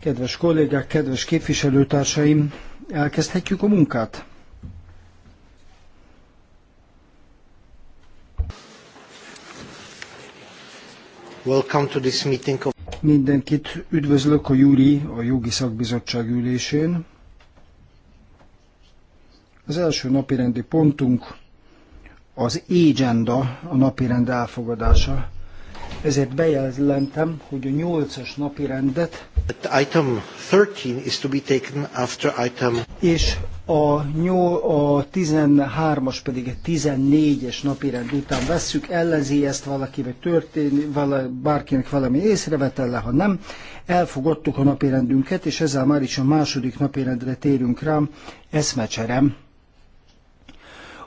Kedves kollégák, kedves képviselőtársaim, elkezdhetjük a munkát? Welcome to this meeting of... Mindenkit üdvözlök a Júri, a Jogi Szakbizottság ülésén. Az első napirendi pontunk az agenda, a napirend elfogadása. Ezért bejelentem, hogy a nyolcas napi rendet item 13 is to be taken after item. és a, nyol, a 13-as pedig a 14-es napirend után vesszük, ellenzi ezt valaki, vagy történi vala, bárkinek valami észrevetele, ha nem, elfogadtuk a napirendünket, és ezzel már is a második napirendre térünk rám, eszmecserem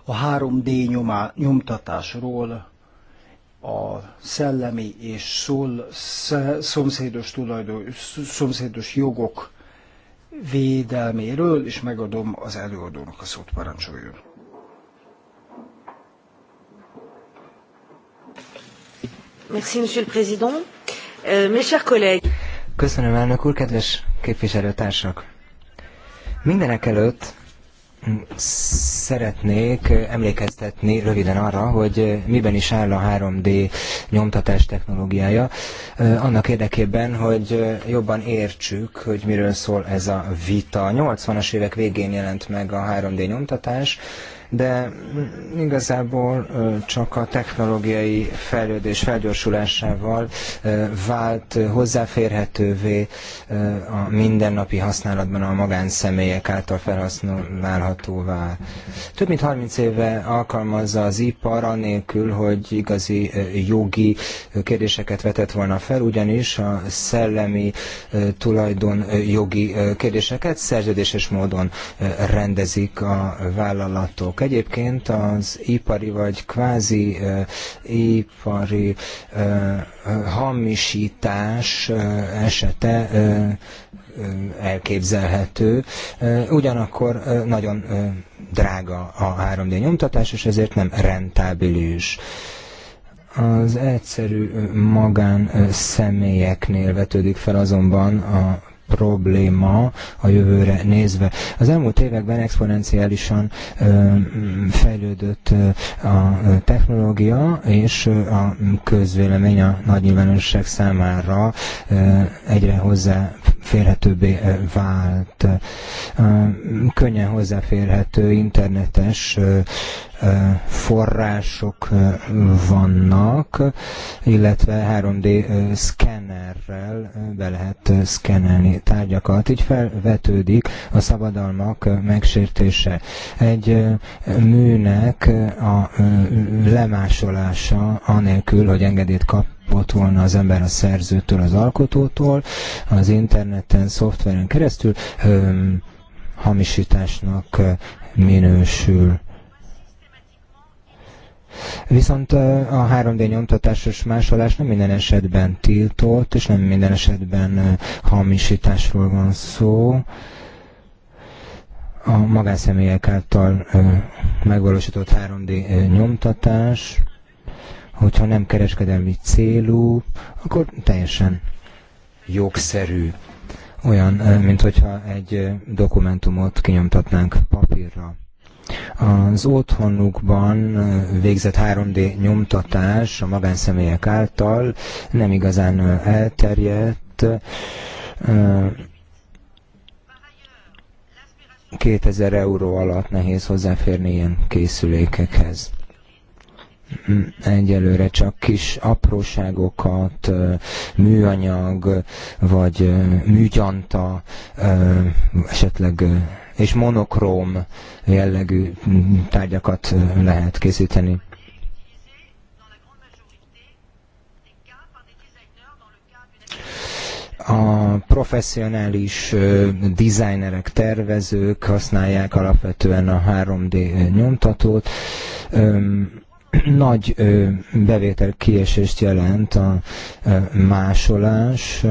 a 3D nyomá, nyomtatásról a szellemi és szól, szomszédos tulajdon, szomszédos jogok védelméről, és megadom az előadónak a szót, parancsoljon. Merci, Monsieur le Président. Euh, mes chers collègues. Köszönöm, elnök úr, kedves képviselőtársak! Mindenek előtt Szeretnék emlékeztetni röviden arra, hogy miben is áll a 3D nyomtatás technológiája, annak érdekében, hogy jobban értsük, hogy miről szól ez a vita. 80-as évek végén jelent meg a 3D nyomtatás, de igazából csak a technológiai fejlődés felgyorsulásával vált hozzáférhetővé a mindennapi használatban a magánszemélyek által felhasználhatóvá. Több mint 30 éve alkalmazza az ipar anélkül, hogy igazi jogi kérdéseket vetett volna fel, ugyanis a szellemi tulajdon jogi kérdéseket szerződéses módon rendezik a vállalatok tagállamok. Egyébként az ipari vagy kvázi ipari hamisítás esete elképzelhető. Ugyanakkor nagyon drága a 3D nyomtatás, és ezért nem rentábilis az egyszerű magán személyeknél vetődik fel azonban a probléma a jövőre nézve. Az elmúlt években exponenciálisan fejlődött a technológia, és a közvélemény a nagy nyilvánosság számára egyre hozzá férhetőbbé vált. Könnyen hozzáférhető internetes források vannak, illetve 3D szkenner be lehet szkennelni tárgyakat. Így felvetődik a szabadalmak megsértése. Egy műnek a lemásolása anélkül, hogy engedélyt kap kapott volna az ember a szerzőtől, az alkotótól, az interneten, szoftveren keresztül öm, hamisításnak minősül. Viszont a 3D nyomtatásos másolás nem minden esetben tiltott, és nem minden esetben hamisításról van szó a magánszemélyek által megvalósított 3D nyomtatás, hogyha nem kereskedelmi célú, akkor teljesen jogszerű. Olyan, mint hogyha egy dokumentumot kinyomtatnánk papírra. Az otthonukban végzett 3D nyomtatás a magánszemélyek által nem igazán elterjedt. 2000 euró alatt nehéz hozzáférni ilyen készülékekhez egyelőre csak kis apróságokat, műanyag, vagy műgyanta, esetleg és monokróm jellegű tárgyakat lehet készíteni. a professzionális designerek, tervezők használják alapvetően a 3D nyomtatót nagy bevétel kiesést jelent a másolás.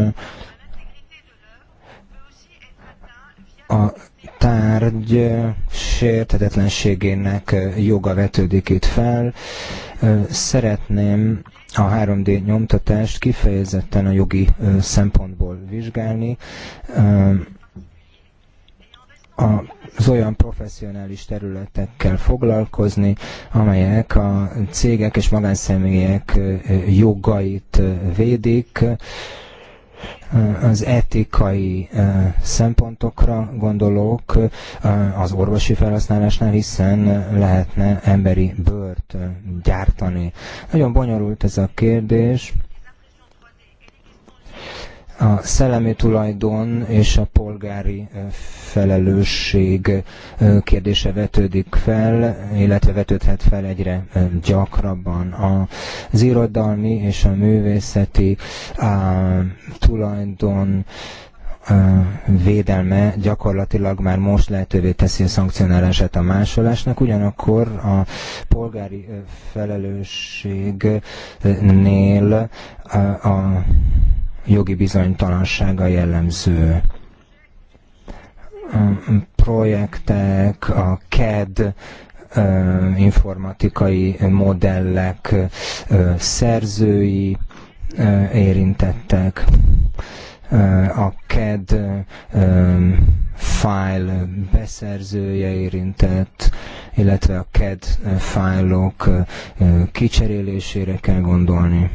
A tárgy sértetetlenségének joga vetődik itt fel. Szeretném a 3D nyomtatást kifejezetten a jogi szempontból vizsgálni. A az olyan professzionális területekkel foglalkozni, amelyek a cégek és magánszemélyek jogait védik, az etikai szempontokra gondolok az orvosi felhasználásnál, hiszen lehetne emberi bőrt gyártani. Nagyon bonyolult ez a kérdés, a szellemi tulajdon és a polgári felelősség kérdése vetődik fel, illetve vetődhet fel egyre gyakrabban. Az irodalmi és a művészeti a tulajdon védelme gyakorlatilag már most lehetővé teszi a szankcionálását a másolásnak, ugyanakkor a polgári felelősségnél a jogi bizonytalansága jellemző projektek, a CAD informatikai modellek szerzői érintettek, a CAD file beszerzője érintett, illetve a CAD fájlok kicserélésére kell gondolni.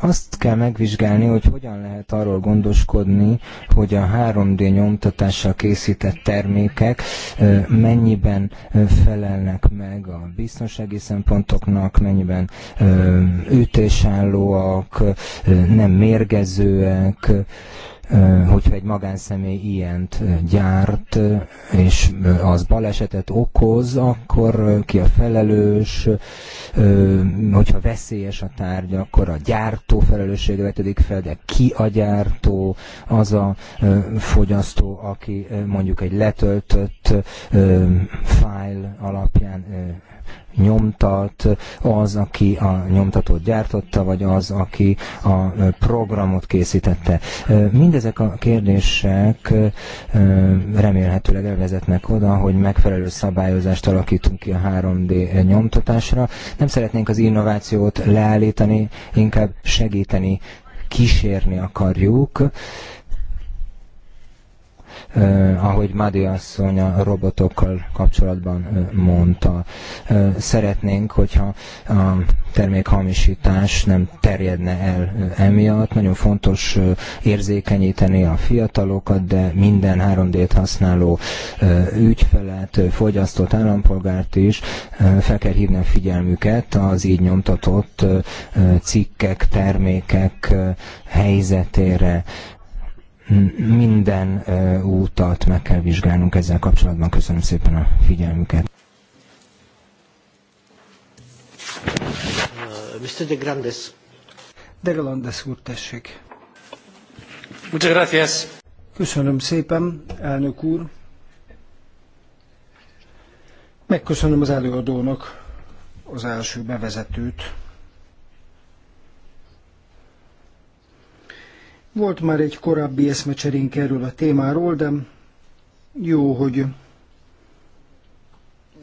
Azt kell megvizsgálni, hogy hogyan lehet arról gondoskodni, hogy a 3D nyomtatással készített termékek mennyiben felelnek meg a biztonsági szempontoknak, mennyiben ütésállóak, nem mérgezőek, hogyha egy magánszemély ilyent gyárt, és az balesetet okoz, akkor ki a felelős, hogyha veszélyes a tárgy, akkor a gyártó felelőssége vetődik fel, de ki a gyártó, az a fogyasztó, aki mondjuk egy letöltött fájl alapján nyomtat, az, aki a nyomtatót gyártotta, vagy az, aki a programot készítette. Mindezek a kérdések remélhetőleg elvezetnek oda, hogy megfelelő szabályozást alakítunk ki a 3D nyomtatásra. Nem szeretnénk az innovációt leállítani, inkább segíteni, kísérni akarjuk Eh, ahogy Madi asszony a robotokkal kapcsolatban eh, mondta. Eh, szeretnénk, hogyha a termékhamisítás nem terjedne el emiatt. Nagyon fontos érzékenyíteni a fiatalokat, de minden 3D-t használó ügyfelet, fogyasztott állampolgárt is fel kell hívni a figyelmüket az így nyomtatott cikkek, termékek helyzetére minden útat meg kell vizsgálnunk ezzel kapcsolatban. Köszönöm szépen a figyelmüket. Uh, Mr. de Grandes. De Grandes úr, tessék. Muchas gracias. Köszönöm szépen, elnök úr. Megköszönöm az előadónak az első bevezetőt. Volt már egy korábbi eszmecserénk erről a témáról, de jó, hogy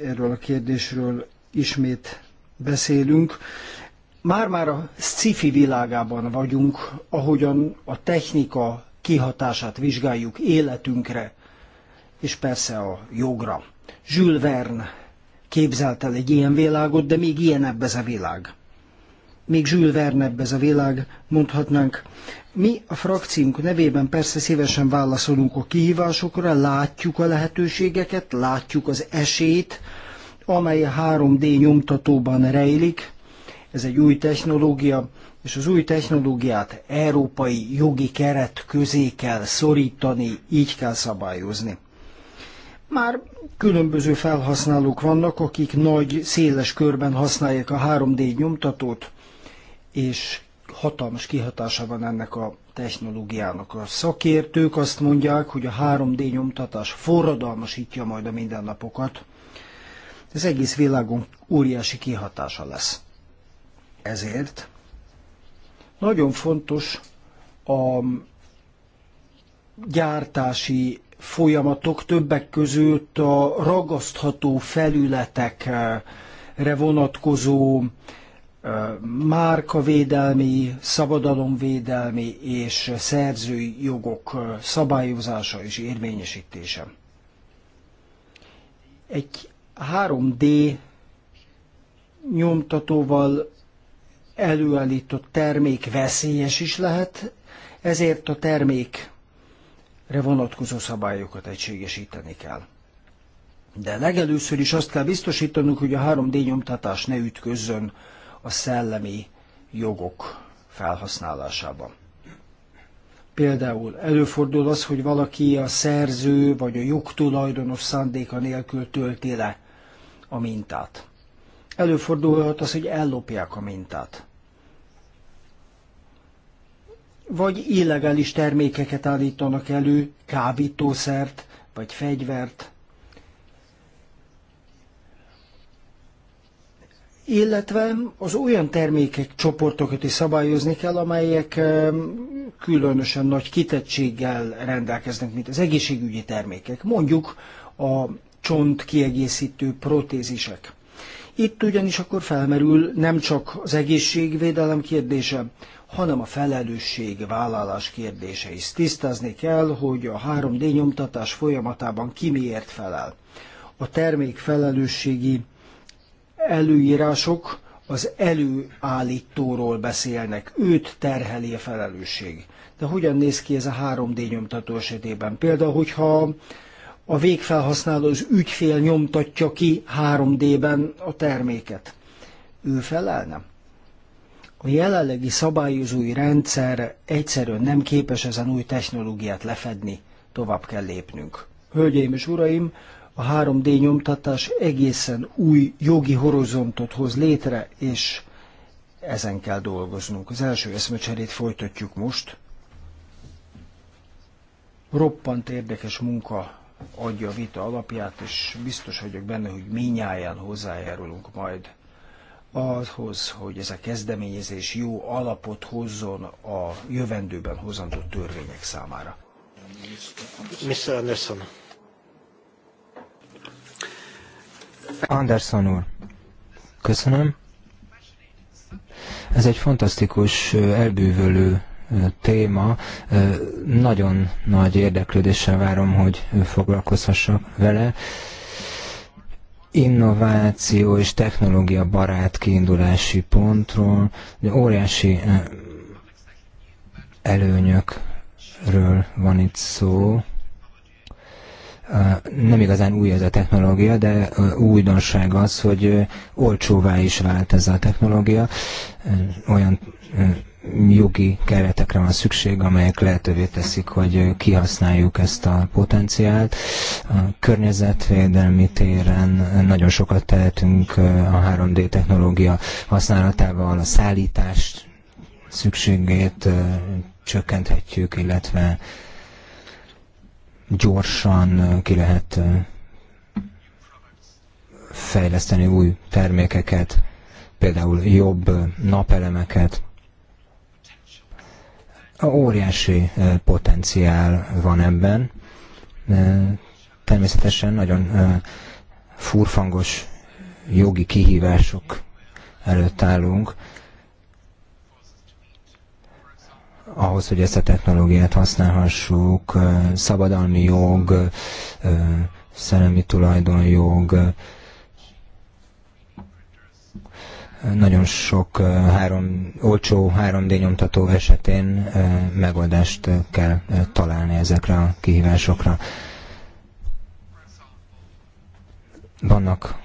erről a kérdésről ismét beszélünk. Már-már a sci-fi világában vagyunk, ahogyan a technika kihatását vizsgáljuk életünkre, és persze a jogra. Jules Verne képzelt el egy ilyen világot, de még ilyen ebbe ez a világ még Jules Verne ez a világ, mondhatnánk. Mi a frakciunk nevében persze szívesen válaszolunk a kihívásokra, látjuk a lehetőségeket, látjuk az esélyt, amely a 3D nyomtatóban rejlik. Ez egy új technológia, és az új technológiát európai jogi keret közé kell szorítani, így kell szabályozni. Már különböző felhasználók vannak, akik nagy, széles körben használják a 3D nyomtatót, és hatalmas kihatása van ennek a technológiának. A szakértők azt mondják, hogy a 3D nyomtatás forradalmasítja majd a mindennapokat. Ez egész világon óriási kihatása lesz. Ezért nagyon fontos a gyártási folyamatok többek között a ragasztható felületekre vonatkozó márkavédelmi, szabadalomvédelmi és szerzői jogok szabályozása és érvényesítése. Egy 3D nyomtatóval előállított termék veszélyes is lehet, ezért a termékre vonatkozó szabályokat egységesíteni kell. De legelőször is azt kell biztosítanunk, hogy a 3D nyomtatás ne ütközzön a szellemi jogok felhasználásában. Például előfordul az, hogy valaki a szerző vagy a jogtulajdonos szándéka nélkül tölti le a mintát. Előfordulhat az, hogy ellopják a mintát. Vagy illegális termékeket állítanak elő, kábítószert vagy fegyvert, illetve az olyan termékek csoportokat is szabályozni kell, amelyek különösen nagy kitettséggel rendelkeznek, mint az egészségügyi termékek, mondjuk a csont kiegészítő protézisek. Itt ugyanis akkor felmerül nem csak az egészségvédelem kérdése, hanem a felelősség vállalás kérdése is. Tisztázni kell, hogy a 3D nyomtatás folyamatában ki miért felel. A termék felelősségi előírások az előállítóról beszélnek, őt terheli a felelősség. De hogyan néz ki ez a 3D nyomtató esetében? Például, hogyha a végfelhasználó, az ügyfél nyomtatja ki 3D-ben a terméket, ő felelne? A jelenlegi szabályozói rendszer egyszerűen nem képes ezen új technológiát lefedni, tovább kell lépnünk. Hölgyeim és uraim, a 3D nyomtatás egészen új jogi horizontot hoz létre, és ezen kell dolgoznunk. Az első eszmecserét folytatjuk most. Roppant érdekes munka adja a vita alapját, és biztos vagyok benne, hogy minnyáján hozzájárulunk majd ahhoz, hogy ez a kezdeményezés jó alapot hozzon a jövendőben hozandó törvények számára. Mr. Anderson. Anderson úr, köszönöm. Ez egy fantasztikus, elbűvölő téma. Nagyon nagy érdeklődéssel várom, hogy foglalkozhassak vele. Innováció és technológia barát kiindulási pontról, óriási előnyökről van itt szó, nem igazán új ez a technológia, de újdonság az, hogy olcsóvá is vált ez a technológia. Olyan jogi keretekre van szükség, amelyek lehetővé teszik, hogy kihasználjuk ezt a potenciált. A környezetvédelmi téren nagyon sokat tehetünk a 3D technológia használatával, a szállítást szükségét csökkenthetjük, illetve gyorsan ki lehet fejleszteni új termékeket, például jobb napelemeket. Óriási potenciál van ebben. Természetesen nagyon furfangos jogi kihívások előtt állunk, ahhoz, hogy ezt a technológiát használhassuk, szabadalmi jog, szellemi tulajdonjog, nagyon sok három, olcsó 3D nyomtató esetén megoldást kell találni ezekre a kihívásokra. Vannak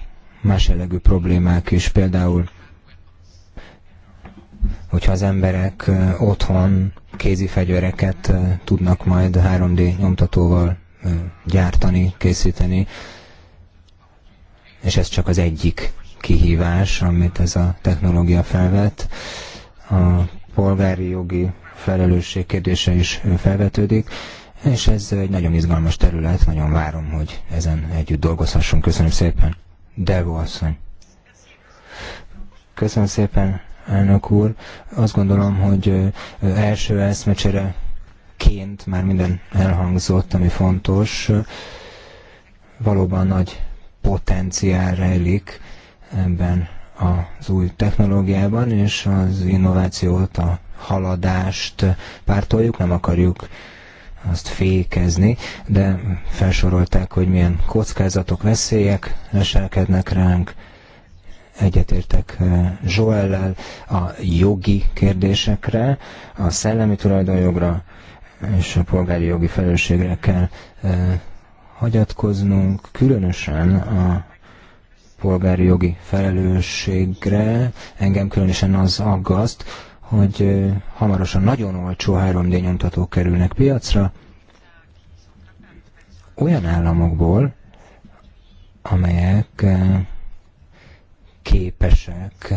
más jellegű problémák is, például hogyha az emberek otthon kézi fegyvereket tudnak majd 3D nyomtatóval gyártani, készíteni, és ez csak az egyik kihívás, amit ez a technológia felvet. A polgári jogi felelősség kérdése is felvetődik, és ez egy nagyon izgalmas terület, nagyon várom, hogy ezen együtt dolgozhassunk. Köszönöm szépen. Devo asszony. Köszönöm szépen, elnök úr. Azt gondolom, hogy első eszmecsere ként már minden elhangzott, ami fontos. Valóban nagy potenciál rejlik ebben az új technológiában, és az innovációt, a haladást pártoljuk, nem akarjuk azt fékezni, de felsorolták, hogy milyen kockázatok, veszélyek leselkednek ránk, egyetértek eh, Joellel a jogi kérdésekre, a szellemi tulajdonjogra és a polgári jogi felelősségre kell eh, hagyatkoznunk, különösen a polgári jogi felelősségre. Engem különösen az aggaszt, hogy eh, hamarosan nagyon olcsó 3D nyomtatók kerülnek piacra, olyan államokból, amelyek képesek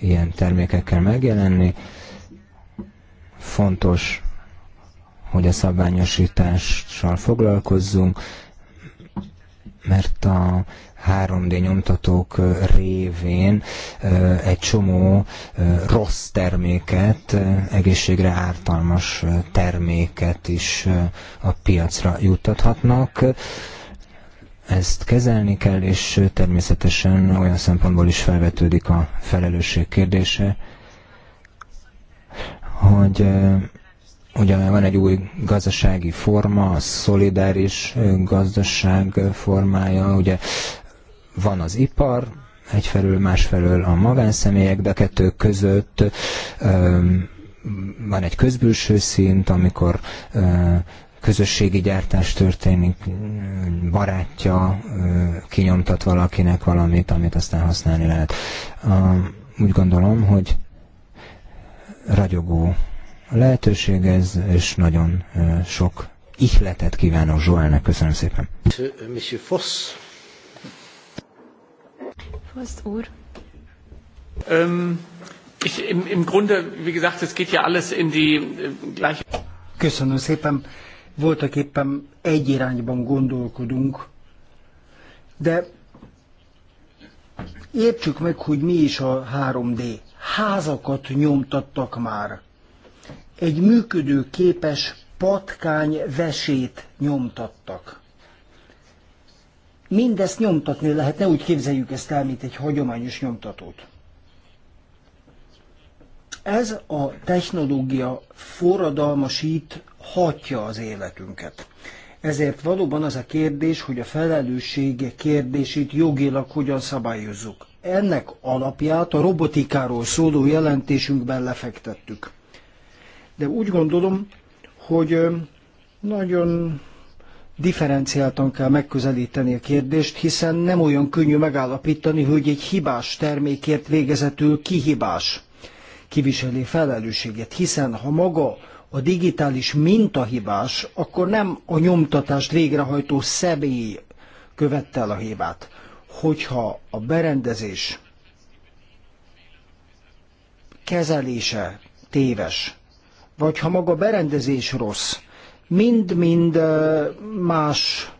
ilyen termékekkel megjelenni. Fontos, hogy a szabványosítással foglalkozzunk, mert a 3D nyomtatók révén egy csomó rossz terméket, egészségre ártalmas terméket is a piacra juttathatnak. Ezt kezelni kell, és természetesen olyan szempontból is felvetődik a felelősség kérdése, hogy ugye van egy új gazdasági forma, a szolidáris gazdaság formája, ugye van az ipar, egyfelől, másfelől a magánszemélyek, de a kettő között van egy közbülső szint, amikor közösségi gyártás történik, barátja kinyomtat valakinek valamit, amit aztán használni lehet. Úgy gondolom, hogy ragyogó lehetőség ez, és nagyon sok ihletet kívánok Zsoelnek. Köszönöm szépen. Monsieur Foss. Foss úr. Um, ich, im, Im Grunde, wie gesagt, es geht ja alles in die äh, gleiche... Köszönöm szépen voltak éppen egy irányban gondolkodunk, de értsük meg, hogy mi is a 3D. Házakat nyomtattak már. Egy működő képes patkány vesét nyomtattak. Mindezt nyomtatni lehet, ne úgy képzeljük ezt el, mint egy hagyományos nyomtatót. Ez a technológia forradalmasít hatja az életünket. Ezért valóban az a kérdés, hogy a felelősség kérdését jogilag hogyan szabályozzuk. Ennek alapját a robotikáról szóló jelentésünkben lefektettük. De úgy gondolom, hogy nagyon differenciáltan kell megközelíteni a kérdést, hiszen nem olyan könnyű megállapítani, hogy egy hibás termékért végezetül kihibás, kiviseli felelősséget, hiszen ha maga a digitális mintahibás, akkor nem a nyomtatást végrehajtó személy követte el a hibát. Hogyha a berendezés kezelése téves, vagy ha maga berendezés rossz, mind-mind más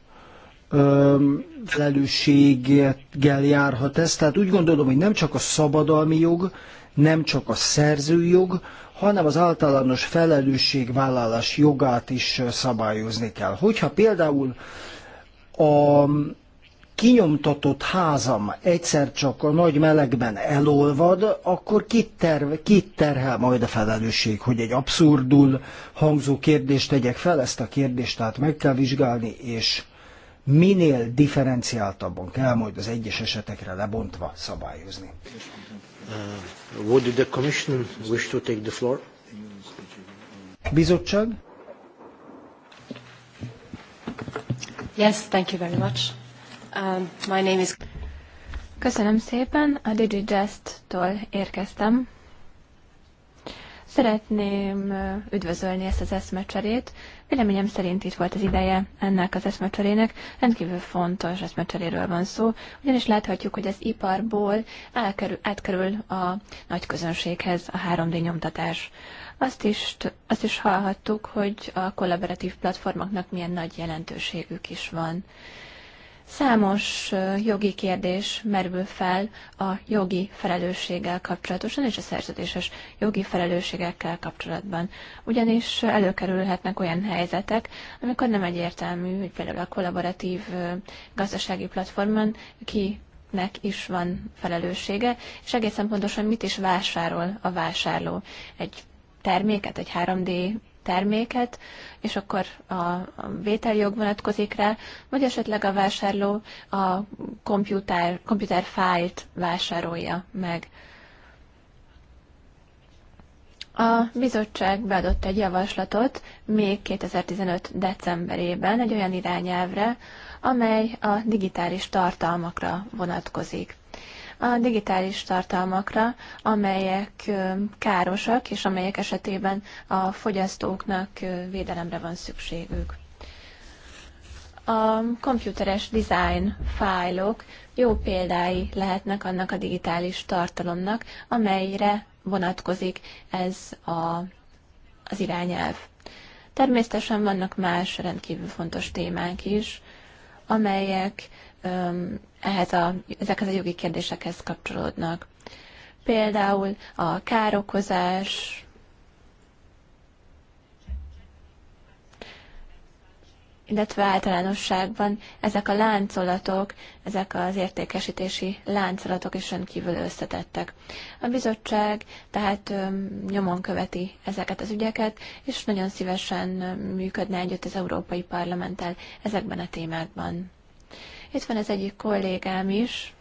felelősséggel járhat ez. Tehát úgy gondolom, hogy nem csak a szabadalmi jog, nem csak a szerzőjog, hanem az általános felelősségvállalás jogát is szabályozni kell. Hogyha például a kinyomtatott házam egyszer csak a nagy melegben elolvad, akkor kit, terve, kit terhel majd a felelősség, hogy egy abszurdul hangzó kérdést tegyek fel, ezt a kérdést tehát meg kell vizsgálni, és minél differenciáltabban kell majd az egyes esetekre lebontva szabályozni. Uh, would the commission wish to take the floor? Bizottság? Yes, thank you very much. Um, my name is... Köszönöm szépen, a DigiDest-tól érkeztem. Szeretném üdvözölni ezt az eszmecserét. Véleményem szerint itt volt az ideje ennek az eszmecserének. Rendkívül fontos eszmecseréről van szó, ugyanis láthatjuk, hogy az iparból elkerül, átkerül a nagy közönséghez a 3D nyomtatás. Azt is, azt is hallhattuk, hogy a kollaboratív platformoknak milyen nagy jelentőségük is van. Számos jogi kérdés merül fel a jogi felelősséggel kapcsolatosan és a szerződéses jogi felelősségekkel kapcsolatban. Ugyanis előkerülhetnek olyan helyzetek, amikor nem egyértelmű, hogy például a kollaboratív gazdasági platformon ki nek is van felelőssége, és egészen pontosan mit is vásárol a vásárló. Egy terméket, egy 3D terméket, és akkor a vételjog vonatkozik rá, vagy esetleg a vásárló a komputer, komputer fájlt vásárolja meg. A bizottság beadott egy javaslatot még 2015. decemberében egy olyan irányelvre, amely a digitális tartalmakra vonatkozik a digitális tartalmakra, amelyek károsak, és amelyek esetében a fogyasztóknak védelemre van szükségük. A komputeres design fájlok jó példái lehetnek annak a digitális tartalomnak, amelyre vonatkozik ez a, az irányelv. Természetesen vannak más rendkívül fontos témák is, amelyek ehhez a, ezekhez a jogi kérdésekhez kapcsolódnak. Például a károkozás, illetve általánosságban ezek a láncolatok, ezek az értékesítési láncolatok is rendkívül összetettek. A bizottság tehát nyomon követi ezeket az ügyeket, és nagyon szívesen működne együtt az Európai Parlamenttel ezekben a témákban. Itt van az egyik kollégám is,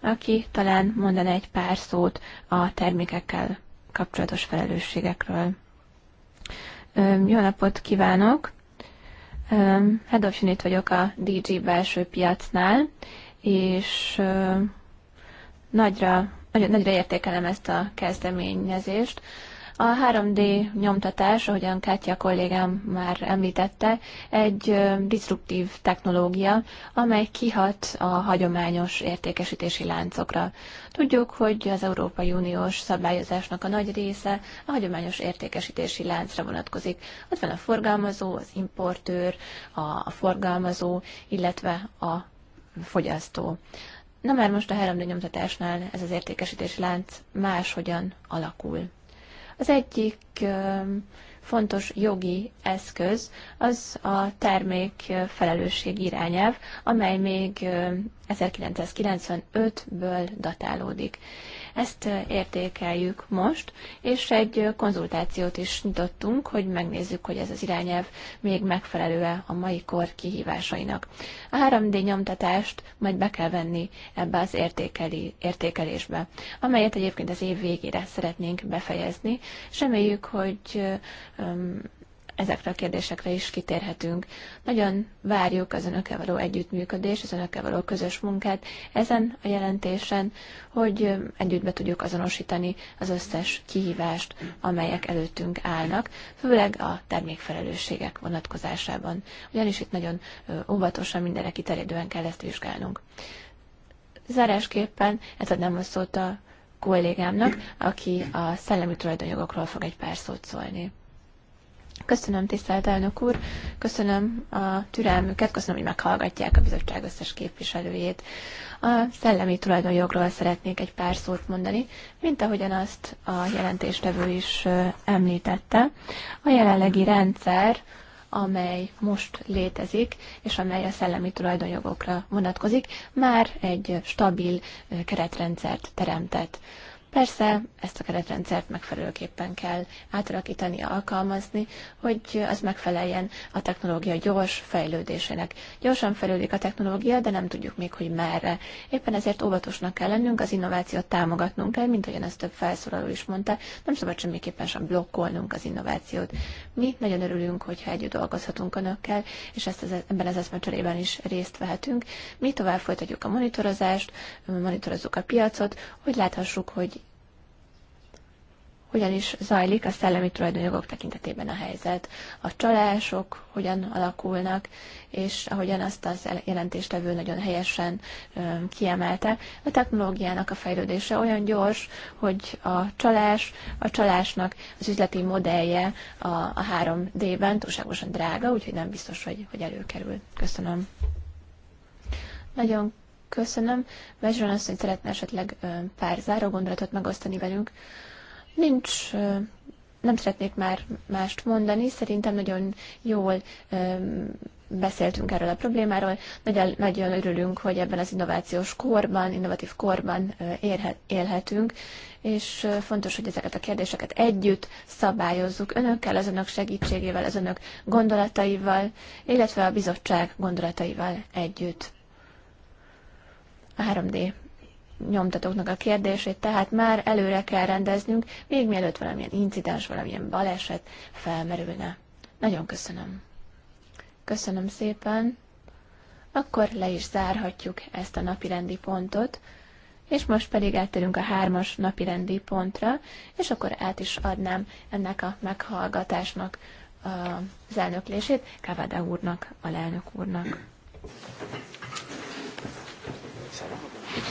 aki talán mondaná egy pár szót a termékekkel kapcsolatos felelősségekről. Jó napot kívánok! of Unit vagyok a DG belső piacnál, és nagyra, nagyra értékelem ezt a kezdeményezést, a 3D nyomtatás, ahogyan Kátya kollégám már említette, egy disruptív technológia, amely kihat a hagyományos értékesítési láncokra. Tudjuk, hogy az Európai Uniós szabályozásnak a nagy része a hagyományos értékesítési láncra vonatkozik. Ott van a forgalmazó, az importőr, a forgalmazó, illetve a fogyasztó. Na már most a 3D nyomtatásnál ez az értékesítési lánc máshogyan alakul. Az egyik fontos jogi eszköz az a termék felelősség irányelv, amely még 1995-ből datálódik. Ezt értékeljük most, és egy konzultációt is nyitottunk, hogy megnézzük, hogy ez az irányelv még megfelelő-e a mai kor kihívásainak. A 3D nyomtatást majd be kell venni ebbe az értékeli, értékelésbe, amelyet egyébként az év végére szeretnénk befejezni. És reméljük, hogy ezekre a kérdésekre is kitérhetünk. Nagyon várjuk az önökkel való együttműködés az önökkel való közös munkát ezen a jelentésen, hogy együtt be tudjuk azonosítani az összes kihívást, amelyek előttünk állnak, főleg a termékfelelősségek vonatkozásában. Ugyanis itt nagyon óvatosan mindenre kiterjedően kell ezt vizsgálnunk. Zárásképpen adnám a szót a kollégámnak, aki a szellemi tulajdonjogokról fog egy pár szót szólni. Köszönöm, tisztelt elnök úr, köszönöm a türelmüket, köszönöm, hogy meghallgatják a bizottság összes képviselőjét. A szellemi tulajdonjogról szeretnék egy pár szót mondani, mint ahogyan azt a jelentéstevő is említette. A jelenlegi rendszer amely most létezik, és amely a szellemi tulajdonjogokra vonatkozik, már egy stabil keretrendszert teremtett. Persze ezt a keretrendszert megfelelőképpen kell átalakítani, alkalmazni, hogy az megfeleljen a technológia gyors fejlődésének. Gyorsan fejlődik a technológia, de nem tudjuk még, hogy merre. Éppen ezért óvatosnak kell lennünk, az innovációt támogatnunk kell, mint ahogyan ezt több felszólaló is mondta, nem szabad semmiképpen sem blokkolnunk az innovációt. Mi nagyon örülünk, hogyha együtt dolgozhatunk önökkel, és ezt az, e- ebben az eszmecserében is részt vehetünk. Mi tovább folytatjuk a monitorozást, monitorozzuk a piacot, hogy láthassuk, hogy hogyan is zajlik a szellemi tulajdonjogok tekintetében a helyzet, a csalások hogyan alakulnak, és ahogyan azt az jelentéstevő nagyon helyesen kiemelte, a technológiának a fejlődése olyan gyors, hogy a csalás, a csalásnak az üzleti modellje a, a 3D-ben túlságosan drága, úgyhogy nem biztos, hogy, hogy előkerül. Köszönöm. Nagyon köszönöm. Bezsron azt, hogy szeretne esetleg pár záró gondolatot megosztani velünk. Nincs, nem szeretnék már mást mondani, szerintem nagyon jól beszéltünk erről a problémáról. Nagyon, nagyon örülünk, hogy ebben az innovációs korban, innovatív korban élhetünk, és fontos, hogy ezeket a kérdéseket együtt szabályozzuk önökkel, az önök segítségével, az önök gondolataival, illetve a bizottság gondolataival együtt. A 3D nyomtatóknak a kérdését, tehát már előre kell rendeznünk, még mielőtt valamilyen incidens, valamilyen baleset felmerülne. Nagyon köszönöm. Köszönöm szépen. Akkor le is zárhatjuk ezt a napirendi pontot, és most pedig áttérünk a hármas napirendi pontra, és akkor át is adnám ennek a meghallgatásnak az elnöklését Kávada úrnak, a lelnök úrnak. Köszönöm.